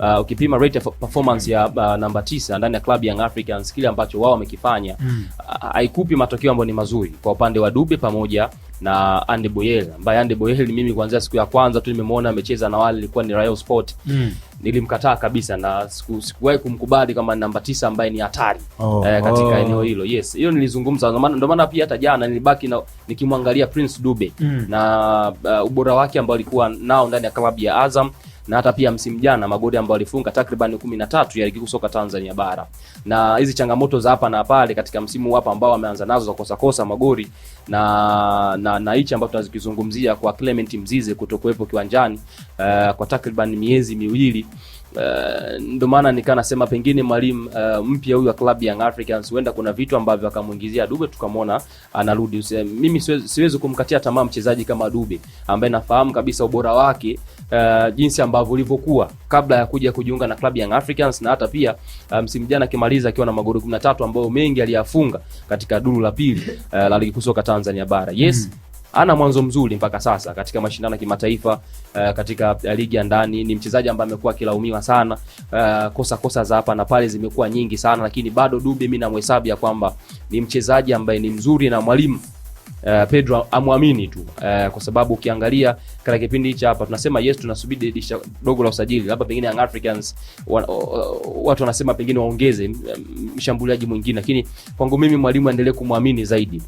uh, ukipima rate of performance ya uh, namba tisa ndani ya club Young Africans, kile ambacho wao wamekifanya haikupi mm. uh, matokeo ambayo ni mazuri kwa upande wa Dube pamoja na Ande Boyel ambaye Ande Boyel mimi kuanzia siku ya kwanza tu nimemwona amecheza na wale ilikuwa ni Rayo Sport mm. Nilimkataa kabisa na sikuwahi siku, kumkubali kama namba tisa ambaye ni hatari oh, eh, katika oh, eneo hilo. Yes, hiyo nilizungumza, ndio maana pia hata jana nilibaki na nikimwangalia Prince Dube mm. na uh, ubora wake ambao alikuwa nao ndani ya klabu ya Azam na hata pia msimu jana magoli ambayo alifunga takriban 13 ya ligi kuu soka Tanzania bara. Na hizi changamoto za hapa na pale katika msimu hapa ambao ameanza nazo za kosa kosa magoli na na, na hichi ambacho tunazikizungumzia kwa Clement Mzize kutokuwepo kiwanjani uh, kwa takriban miezi miwili Uh, ndio maana nikaa nasema pengine mwalimu uh, mpya huyu wa klabu Young Africans huenda kuna vitu ambavyo akamwingizia Dube tukamwona anarudi. mimi siwezi, kumkatia tamaa mchezaji kama Dube ambaye nafahamu kabisa ubora wake uh, jinsi ambavyo ulivyokuwa kabla ya kuja kujiunga na klabu Young Africans na hata pia msimu um, jana akimaliza akiwa na magoli 13 ambayo mengi aliyafunga katika duru la pili uh, la ligi kusoka Tanzania bara. Yes, mm -hmm ana mwanzo mzuri mpaka sasa katika mashindano ya kimataifa uh, katika eh, ligi ya ndani. Ni mchezaji ambaye amekuwa akilaumiwa sana uh, kosa kosa za hapa na pale zimekuwa nyingi sana, lakini bado Dube mimi namhesabu ya kwamba ni mchezaji ambaye ni mzuri na mwalimu Uh, Pedro amwamini tu uh, kwa sababu ukiangalia katika kipindi hicho hapa tunasema yes, tunasubiri dirisha dogo la usajili, labda pengine Young Africans wa, uh, watu wanasema pengine waongeze mm, mshambuliaji mwingine, lakini kwangu mimi mwalimu aendelee kumwamini zaidi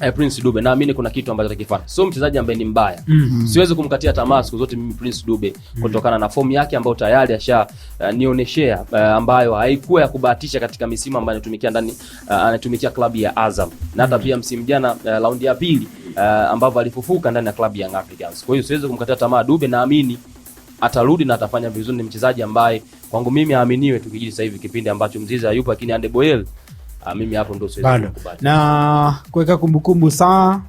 eh, Prince Dube naamini kuna kitu ambacho atakifanya. Sio mchezaji ambaye ni mbaya. Mm -hmm. Siwezi kumkatia tamaa siku zote mimi Prince Dube mm -hmm. kutokana na fomu yake ambayo tayari asha uh, nioneshea uh, ambayo haikuwa ya kubahatisha katika misimu ambayo anatumikia ndani uh, anatumikia klabu ya Azam. Na hata mm -hmm. pia msimu jana uh, raundi ya pili uh, ambapo alifufuka ndani ya klabu ya Young Africans. Kwa hiyo siwezi kumkatia tamaa Dube naamini atarudi na atafanya vizuri. Ni mchezaji ambaye kwangu mimi aaminiwe tukijiji sasa hivi kipindi ambacho Mzize hayupo, lakini Ande Boyel Ah, mimi hapo ndo siwezi Na kuweka kumbukumbu saa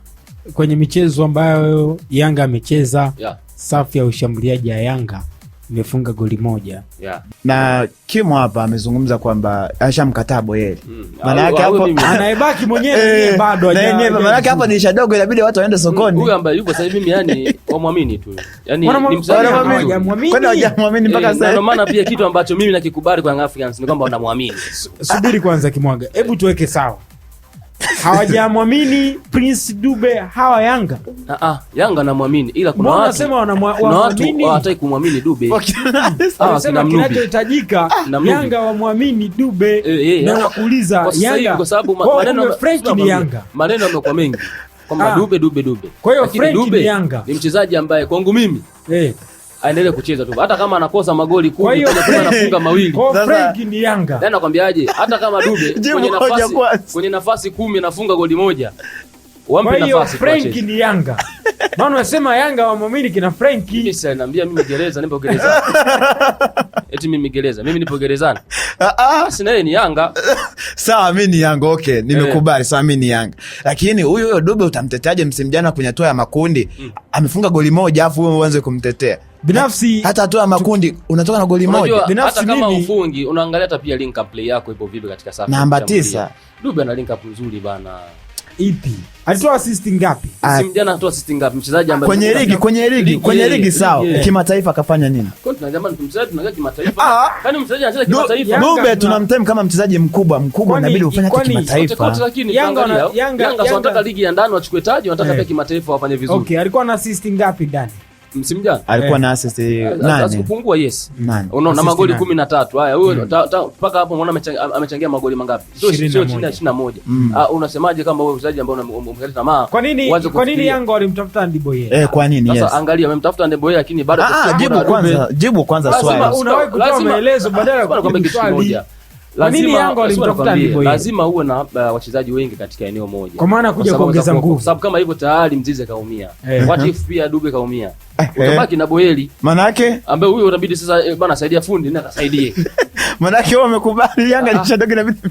kwenye michezo ambayo Yanga amecheza yeah. Safu ya ushambuliaji ya Yanga imefunga goli moja yeah. Na Kimo hapa amezungumza kwamba mkataa Boyeli, hmm. eh, maana yake hapo anaebaki mwenyewe bado hajaye, maana hapo ni shadogo, inabidi watu waende hmm, sokoni. Huyu ambaye yuko sasa hivi yani wamwamini tu, yani ni msanii, kwani hawajamwamini mpaka eh, sasa. Ndio maana pia kitu ambacho mimi nakikubali kwa Africans ni kwamba wanamwamini. Subiri kwanza, Kimwaga, hebu tuweke sawa hawajamwamini Prince Dube hawa Yanga. Ah ah, Yanga namwamini ila kuna watu wanasema wanamwamini hawataki kumwamini Dube. Wanasema ah, kinachohitajika ah, Yanga wamwamini Dube eh, eh, na eh. nakuuliza Yanga kwa sababu maneno French ni Yanga. Maneno yamekuwa mengi kwamba ah. Dube Dube Dube. Kwa hiyo ni Yanga. Ni mchezaji ambaye kwangu mimi eh aendelee kucheza tu, hata kama anakosa magoli kumi anafunga mawili. Frank ni Yanga, na yaani nakwambiaje? Hata kama Dube kwenye nafasi, kwenye nafasi kumi anafunga goli moja, wampe nafasi. Frank ni Yanga maana unasema Yanga wamwamini kina Frank. Mimi sasa naambia mimi gereza, nipo gereza. Eti mimi gereza, mimi nipo gerezani. Ah, ah. Basi na yeye ni Yanga. Sawa, mimi ni Yanga, okay, nimekubali. Eh. Sawa, mimi ni Yanga. Lakini huyo huyo Dube utamteteaje msimu jana kwenye hatua ya makundi? Mm. Amefunga goli moja afu wewe uanze kumtetea. Binafsi hata hatua ya makundi unatoka na goli moja. Binafsi hata kama ufungi unaangalia hata pia link up play yako ipo vipi katika safu. Namba 9. Dube ana link up nzuri bana. Ipi? Alitoa assist ngapi? Ah, assist ngapi? Mchezaji ambaye kwenye ligi, kwenye ligi, kwenye ligi sawa. Kimataifa akafanya nini? Kwa tuna jamani kimataifa. Ah! Yaani mchezaji anacheza kimataifa? Dube tunamtem kama mchezaji mkubwa, mkubwa inabidi ufanye kitu kimataifa. Yanga Yanga ligi ya ndani taji, eh. pia kimataifa vizuri. Okay, alikuwa na assist ngapi ndani? msimu jana alikuwa eh. na assist eh, eh, nane kupungua, yes, unaona na magoli 13. Haya, huyo mm. mpaka hapo unaona amechangia magoli mangapi? Sio chini ya 21. ah Unasemaje kama wewe mchezaji ambao unamkata tamaa? Kwa nini kwa nini Yanga walimtafuta Ndeboye? Eh, kwa nini? Yes, sasa angalia, wamemtafuta Ndeboye lakini bado ah, ah jibu kwanza, jibu kwanza swali. Unawahi kutoa maelezo ah, badala ya kukwambia kitu kimoja. Lazima, lazima, lazima uwe na uh, wachezaji wengi katika eneo moja, kwa maana kuja kuongeza nguvu, sababu kama hivyo tayari Mzize kaumia, what if pia Dube kaumia Eh, utabaki na Boeli. Maana ambaye huyo inabidi sasa eh, bana saidia fundi na akasaidie. Maana yake wao wamekubali Yanga ah, ni ah. shadagi na vitu